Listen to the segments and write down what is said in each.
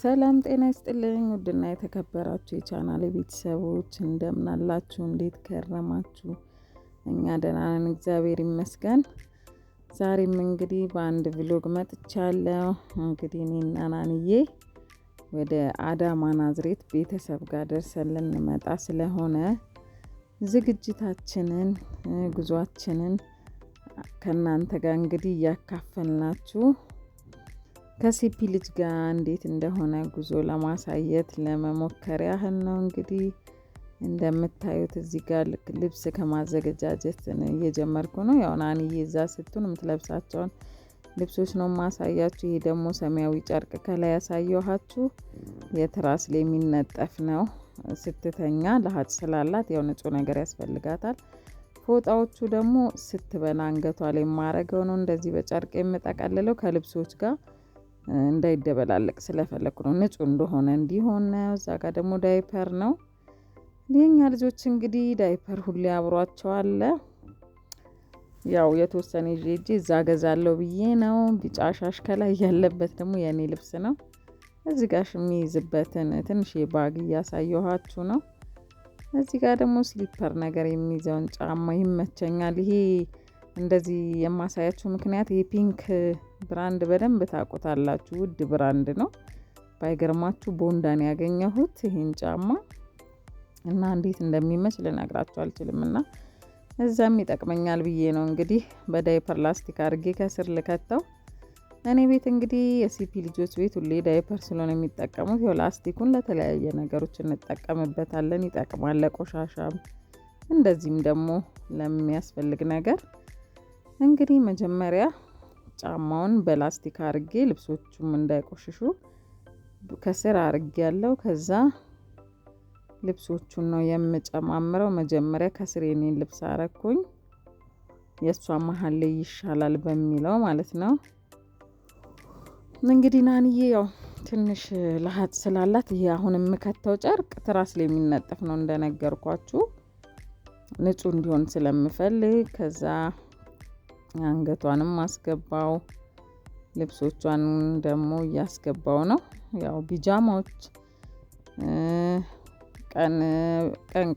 ሰላም ጤና ይስጥልኝ። ውድና የተከበራችሁ የቻናል ቤተሰቦች እንደምናላችሁ እንዴት ከረማችሁ? እኛ ደህና ነን፣ እግዚአብሔር ይመስገን። ዛሬም እንግዲህ በአንድ ብሎግ መጥቻለሁ። እንግዲህ እኔና ናንዬ ወደ አዳማ ናዝሬት ቤተሰብ ጋር ደርሰን ልንመጣ ስለሆነ ዝግጅታችንን፣ ጉዟችንን ከእናንተ ጋር እንግዲህ እያካፈልናችሁ ከሲፒ ልጅ ጋር እንዴት እንደሆነ ጉዞ ለማሳየት ለመሞከር ያህል ነው። እንግዲህ እንደምታዩት እዚህ ጋር ልብስ ከማዘገጃጀት እየጀመርኩ ነው። ያው ናንዬ እዛ ስትሆን የምትለብሳቸውን ልብሶች ነው ማሳያችሁ። ይሄ ደግሞ ሰማያዊ ጨርቅ ከላይ ያሳየኋችሁ የትራስ ላይ የሚነጠፍ ነው። ስትተኛ ለሀጭ ስላላት ያው ንጹህ ነገር ያስፈልጋታል። ፎጣዎቹ ደግሞ ስትበና አንገቷ ላይ የማረገው ነው። እንደዚህ በጨርቅ የምጠቀልለው ከልብሶች ጋር እንዳይደበላለቅ ስለፈለኩ ነው። ንጹህ እንደሆነ እንዲሆን እዛ ጋር ደግሞ ዳይፐር ነው። የኛ ልጆች እንግዲህ ዳይፐር ሁሌ አብሯቸው አለ። ያው የተወሰነ ይዤ እዛ ገዛለው ብዬ ነው። ቢጫ ሻሽ ከላይ ያለበት ደግሞ የእኔ ልብስ ነው። እዚህ ጋር የሚይዝበትን ትንሽ ባግ እያሳየኋችሁ ነው። እዚህ ጋር ደግሞ ስሊፐር ነገር የሚይዘውን ጫማ ይመቸኛል ይሄ እንደዚህ የማሳያችሁ ምክንያት የፒንክ ብራንድ በደንብ ታውቁታላችሁ። ውድ ብራንድ ነው። ባይገርማችሁ ቦንዳን ያገኘሁት ይህን ጫማ እና እንዴት እንደሚመች ልነግራችሁ አልችልም። እና እዛም ይጠቅመኛል ብዬ ነው እንግዲህ በዳይፐር ላስቲክ አድርጌ ከስር ልከተው። እኔ ቤት እንግዲህ የሲፒ ልጆች ቤት ሁሌ ዳይፐር ስለሆነ የሚጠቀሙት ያው ላስቲኩን ለተለያየ ነገሮች እንጠቀምበታለን። ይጠቅማል ለቆሻሻም፣ እንደዚህም ደግሞ ለሚያስፈልግ ነገር እንግዲህ መጀመሪያ ጫማውን በላስቲክ አርጌ ልብሶቹም እንዳይቆሽሹ ከስር አርጌ ያለው ከዛ ልብሶቹን ነው የምጨማምረው። መጀመሪያ ከስር የኔን ልብስ አረኩኝ የእሷ መሀል ላይ ይሻላል በሚለው ማለት ነው። እንግዲህ ናንዬ ያው ትንሽ ለሀጥ ስላላት ይሄ አሁን የምከተው ጨርቅ ትራስ ላይ የሚነጠፍ ነው እንደነገርኳችሁ ንጹህ እንዲሆን ስለምፈልግ ከዛ አንገቷንም አስገባው። ልብሶቿን ደግሞ እያስገባው ነው። ያው ቢጃማዎች ቀን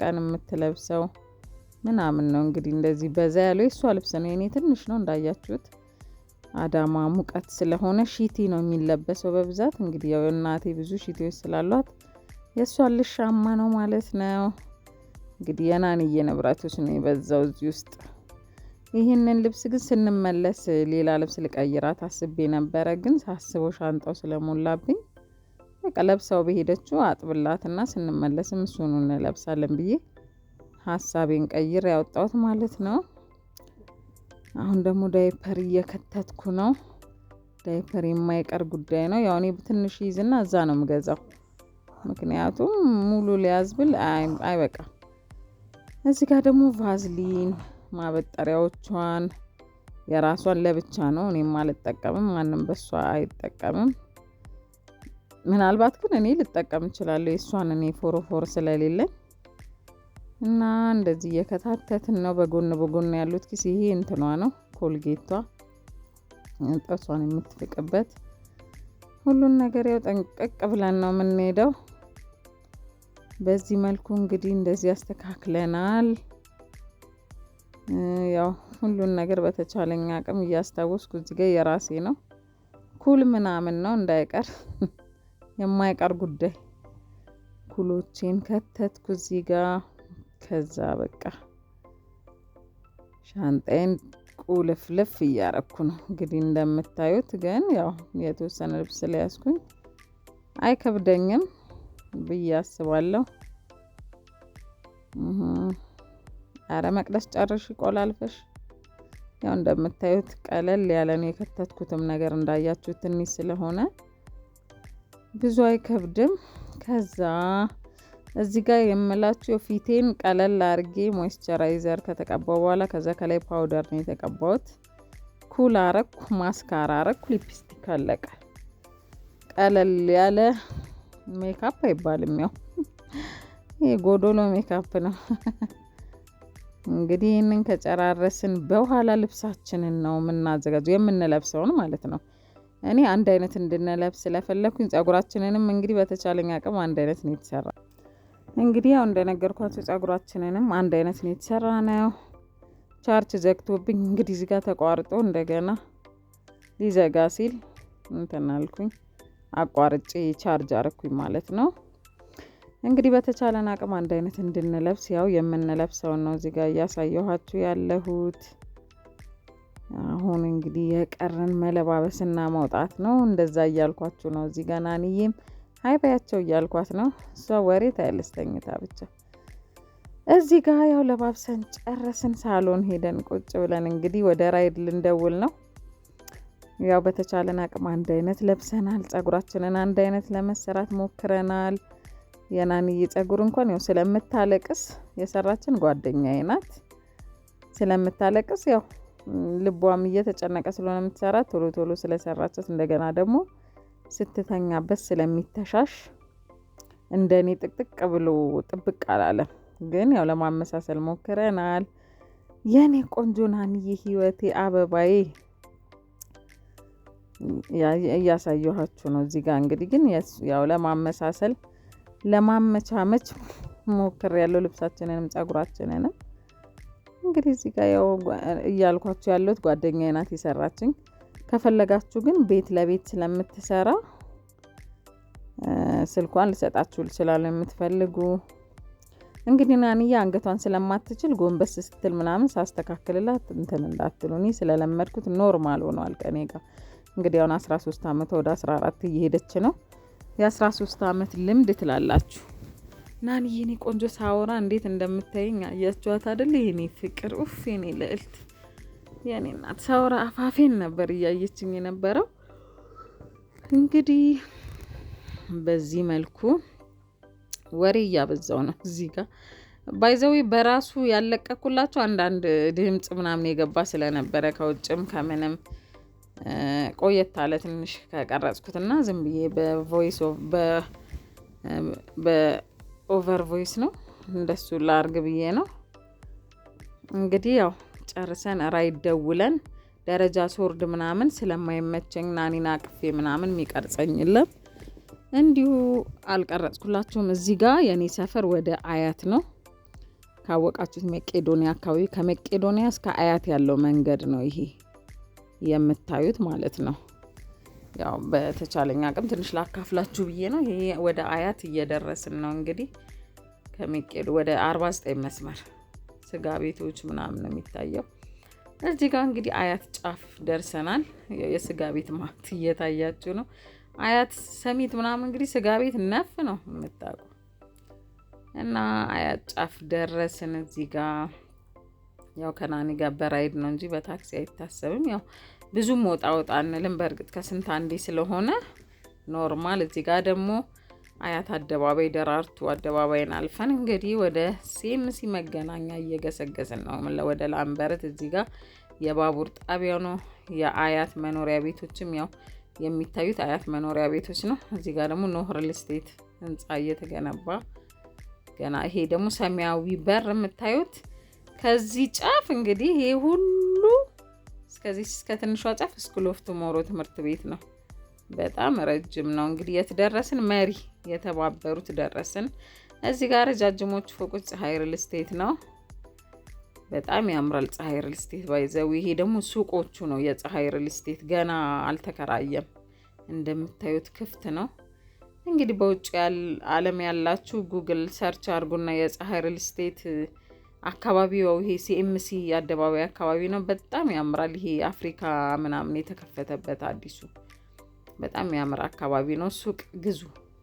ቀን የምትለብሰው ምናምን ነው እንግዲህ እንደዚህ በዛ ያለው የእሷ ልብስ ነው። የኔ ትንሽ ነው እንዳያችሁት። አዳማ ሙቀት ስለሆነ ሺቲ ነው የሚለበሰው በብዛት እንግዲህ ያው እናቴ ብዙ ሺቲዎች ስላሏት የእሷ ልሻማ ነው ማለት ነው። እንግዲህ የናንዬ ንብረቶች ነው የበዛው እዚህ ውስጥ ይህንን ልብስ ግን ስንመለስ ሌላ ልብስ ልቀይራት አስቤ ነበረ። ግን ሳስበው ሻንጣው ስለሞላብኝ በቃ ለብሰው በሄደችው አጥብላትና ስንመለስም እሱኑ እንለብሳለን ብዬ ሀሳቤን ቀይር ያወጣሁት ማለት ነው። አሁን ደግሞ ዳይፐር እየከተትኩ ነው። ዳይፐር የማይቀር ጉዳይ ነው። ያው እኔ ትንሽ ይዝና እዛ ነው የምገዛው። ምክንያቱም ሙሉ ሊያዝብል አይበቃም። እዚህ ጋር ደግሞ ቫዝሊን ማበጠሪያዎቿን የራሷን ለብቻ ነው። እኔም አልጠቀምም፣ ማንም በሷ አይጠቀምም። ምናልባት ግን እኔ ልጠቀም እችላለሁ የእሷን እኔ ፎረፎር ስለሌለኝ እና እንደዚህ እየከታተትን ነው። በጎን በጎን ያሉት ኪስ ይሄ እንትኗ ነው ኮልጌቷ ጥርሷን የምትፍቅበት ሁሉን ነገር ያው ጠንቀቅ ብለን ነው የምንሄደው። በዚህ መልኩ እንግዲህ እንደዚህ ያስተካክለናል። ያው ሁሉን ነገር በተቻለኝ አቅም እያስታወስኩ እዚህ የራሴ ነው ኩል ምናምን ነው እንዳይቀር የማይቀር ጉዳይ። ኩሎቼን ከተትኩ እዚህ ከዛ በቃ ሻንጣዬን ቁልፍልፍ እያረኩ ነው እንግዲህ እንደምታዩት። ግን ያው የተወሰነ ልብስ ስለያዝኩኝ አይከብደኝም ብዬ አስባለሁ። አረ መቅደስ ጨርሽ ቆላልፈሽ። ያው እንደምታዩት ቀለል ያለ ነው። የከተትኩትም ነገር እንዳያችሁ ትንሽ ስለሆነ ብዙ አይከብድም። ከዛ እዚህ ጋር የምላችሁ ፊቴን ቀለል አርጌ ሞይስቸራይዘር ከተቀባው በኋላ ከዛ ከላይ ፓውደር ነው የተቀባሁት። ኩል አረኩ፣ ማስካራ አረኩ፣ ሊፕስቲክ አለቀ። ቀለል ያለ ሜካፕ አይባልም። ያው ይሄ ጎዶሎ ሜካፕ ነው። እንግዲህ ይህንን ከጨራረስን በኋላ ልብሳችንን ነው የምናዘጋጀው የምንለብሰውን ማለት ነው። እኔ አንድ አይነት እንድንለብስ ስለፈለኩኝ ጸጉራችንንም እንግዲህ በተቻለኝ አቅም አንድ አይነት ነው የተሰራ። እንግዲህ ያው እንደነገርኳቸው ጸጉራችንንም አንድ አይነት ነው የተሰራ ነው። ቻርጅ ዘግቶብኝ እንግዲህ ዚጋ ተቋርጦ እንደገና ሊዘጋ ሲል እንትናልኩኝ አቋርጬ ቻርጅ አርኩኝ ማለት ነው። እንግዲህ በተቻለን አቅም አንድ አይነት እንድንለብስ ያው የምንለብሰውን ነው እዚህ ጋር እያሳየኋችሁ ያለሁት። አሁን እንግዲህ የቀረን መለባበስና መውጣት ነው። እንደዛ እያልኳችሁ ነው። እዚህ ጋር ናንዬም ሀይ እያልኳት ነው። እሷ ወሬ ታይለስተኝታ ብቻ እዚህ ጋር ያው ለባብሰን ጨረስን። ሳሎን ሄደን ቁጭ ብለን እንግዲህ ወደ ራይድ ልንደውል ነው። ያው በተቻለን አቅም አንድ አይነት ለብሰናል። ጸጉራችንን አንድ አይነት ለመሰራት ሞክረናል። የናንዬ ጸጉር እንኳን ያው ስለምታለቅስ የሰራችን ጓደኛዬ ናት። ስለምታለቅስ ያው ልቧም እየተጨነቀ ስለሆነ የምትሰራ ቶሎ ቶሎ ስለሰራችት እንደገና ደግሞ ስትተኛበት ስለሚተሻሽ እንደኔ ጥቅጥቅ ብሎ ጥብቅ አላለም። ግን ያው ለማመሳሰል ሞክረናል። የኔ ቆንጆ ናንዬ፣ ህይወቴ፣ አበባዬ እያሳየኋችሁ ነው። እዚህ ጋር እንግዲህ ግን ያው ለማመሳሰል ለማመቻመች ሞክር ያለው ልብሳችንንም ጸጉራችንንም እንግዲህ እዚህ ጋር ያው እያልኳችሁ ያለሁት ጓደኛዬ ናት የሰራችኝ። ከፈለጋችሁ ግን ቤት ለቤት ስለምትሰራ ስልኳን ልሰጣችሁ ልችላለሁ የምትፈልጉ። እንግዲህ ናንዬ አንገቷን ስለማትችል ጎንበስ ስትል ምናምን ሳስተካክልላት እንትን እንዳትሉ፣ እኔ ስለለመድኩት ኖርማል ሆኗል ከኔ ጋር። እንግዲህ አሁን 13 ዓመቷ ወደ 14 እየሄደች ነው። የ13 ዓመት ልምድ ትላላችሁ። ናን ይህኔ ቆንጆ ሳወራ እንዴት እንደምታየኝ አያችኋት አደለ? የኔ ፍቅር ኡፍ፣ የኔ ልዕልት፣ የኔ እናት ሳወራ አፋፌን ነበር እያየችኝ የነበረው። እንግዲህ በዚህ መልኩ ወሬ እያበዛው ነው እዚህ ጋር ባይዘዊ በራሱ ያለቀኩላቸው አንዳንድ ድምፅ ምናምን የገባ ስለነበረ ከውጭም ከምንም ቆየት አለ ትንሽ ከቀረጽኩትና ዝም ብዬ በቮይስ በኦቨር ቮይስ ነው እንደሱ ላርግ ብዬ ነው። እንግዲህ ያው ጨርሰን ራይድ ደውለን ደረጃ ሶርድ ምናምን ስለማይመቸኝ ናኒና ቅፌ ምናምን የሚቀርጸኝ የለም እንዲሁ አልቀረጽኩላችሁም። እዚህ ጋር የኔ ሰፈር ወደ አያት ነው ካወቃችሁት፣ መቄዶኒያ አካባቢ ከመቄዶኒያ እስከ አያት ያለው መንገድ ነው ይሄ። የምታዩት ማለት ነው። ያው በተቻለኝ አቅም ትንሽ ላካፍላችሁ ብዬ ነው። ይሄ ወደ አያት እየደረስን ነው እንግዲህ ከሚቄዱ ወደ 49 መስመር ስጋ ቤቶች ምናምን ነው የሚታየው። እዚህ ጋር እንግዲህ አያት ጫፍ ደርሰናል። የስጋ ቤት ማት እየታያችሁ ነው። አያት ሰሚት ምናምን እንግዲህ ስጋ ቤት ነፍ ነው የምታውቁ እና አያት ጫፍ ደረስን እዚህ ጋር ያው ከናኒ ጋር በራይድ ነው እንጂ በታክሲ አይታሰብም። ያው ብዙም ወጣ ወጣ አንልም። በእርግጥ ከስንት አንዴ ስለሆነ ኖርማል። እዚህ ጋር ደግሞ አያት አደባባይ፣ ደራርቱ አደባባይን አልፈን እንግዲህ ወደ ሴምሲ መገናኛ እየገሰገስን ነው፣ ወደ ላምበረት። እዚህ ጋር የባቡር ጣቢያ ነው። የአያት መኖሪያ ቤቶችም ያው የሚታዩት አያት መኖሪያ ቤቶች ነው። እዚህ ጋር ደግሞ ኖህርል ስቴት ህንፃ እየተገነባ ገና። ይሄ ደግሞ ሰማያዊ በር የምታዩት ከዚህ ጫፍ እንግዲህ ይሄ ሁሉ እስከዚህ እስከ ትንሿ ጫፍ ስኩል ኦፍ ቱሞሮ ትምህርት ቤት ነው። በጣም ረጅም ነው። እንግዲህ የት ደረስን? መሪ የተባበሩት ደረስን። እዚህ ጋር ረጃጅሞቹ ፎቆች ፀሐይ ሪል ስቴት ነው። በጣም ያምራል ፀሐይ ሪል ስቴት ባይዘው። ይሄ ደግሞ ሱቆቹ ነው የፀሐይ ሪል ስቴት ገና አልተከራየም። እንደምታዩት ክፍት ነው። እንግዲህ በውጭ ዓለም ያላችሁ ጉግል ሰርች አድርጉና የፀሐይ ሪል ስቴት አካባቢው ይሄ ሲኤምሲ አደባባይ አካባቢ ነው። በጣም ያምራል። ይሄ አፍሪካ ምናምን የተከፈተበት አዲሱ በጣም ያምር አካባቢ ነው። ሱቅ ግዙ፣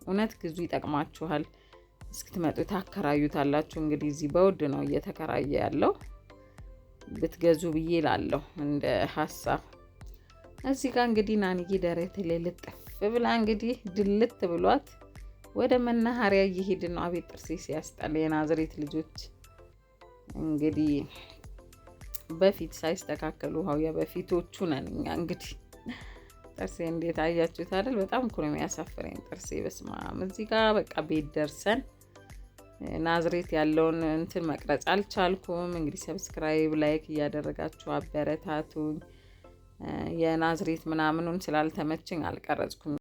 እውነት ግዙ፣ ይጠቅማችኋል። እስክትመጡ ታከራዩታላችሁ። እንግዲህ እዚህ በውድ ነው እየተከራየ ያለው ብትገዙ ብዬ ላለሁ እንደ ሀሳብ። እዚህ ጋር እንግዲህ ናንዬ ደረት ላይ ልጥፍ ብላ እንግዲህ ድልት ብሏት ወደ መናኸሪያ እየሄድን ነው። አቤት ጥርሴ ሲያስጠላ የናዝሬት ልጆች እንግዲህ በፊት ሳይስተካከሉ ውሃው የበፊቶቹ ነን እኛ እንግዲህ ጥርሴ እንዴት አያችሁት አይደል? በጣም እኮ ነው የሚያሳፍረኝ ጥርሴ። በስመ አብ። እዚህ ጋር በቃ ቤት ደርሰን ናዝሬት ያለውን እንትን መቅረጽ አልቻልኩም። እንግዲህ ሰብስክራይብ፣ ላይክ እያደረጋችሁ አበረታቱኝ። የናዝሬት ምናምኑን ስላልተመችኝ አልቀረጽኩም።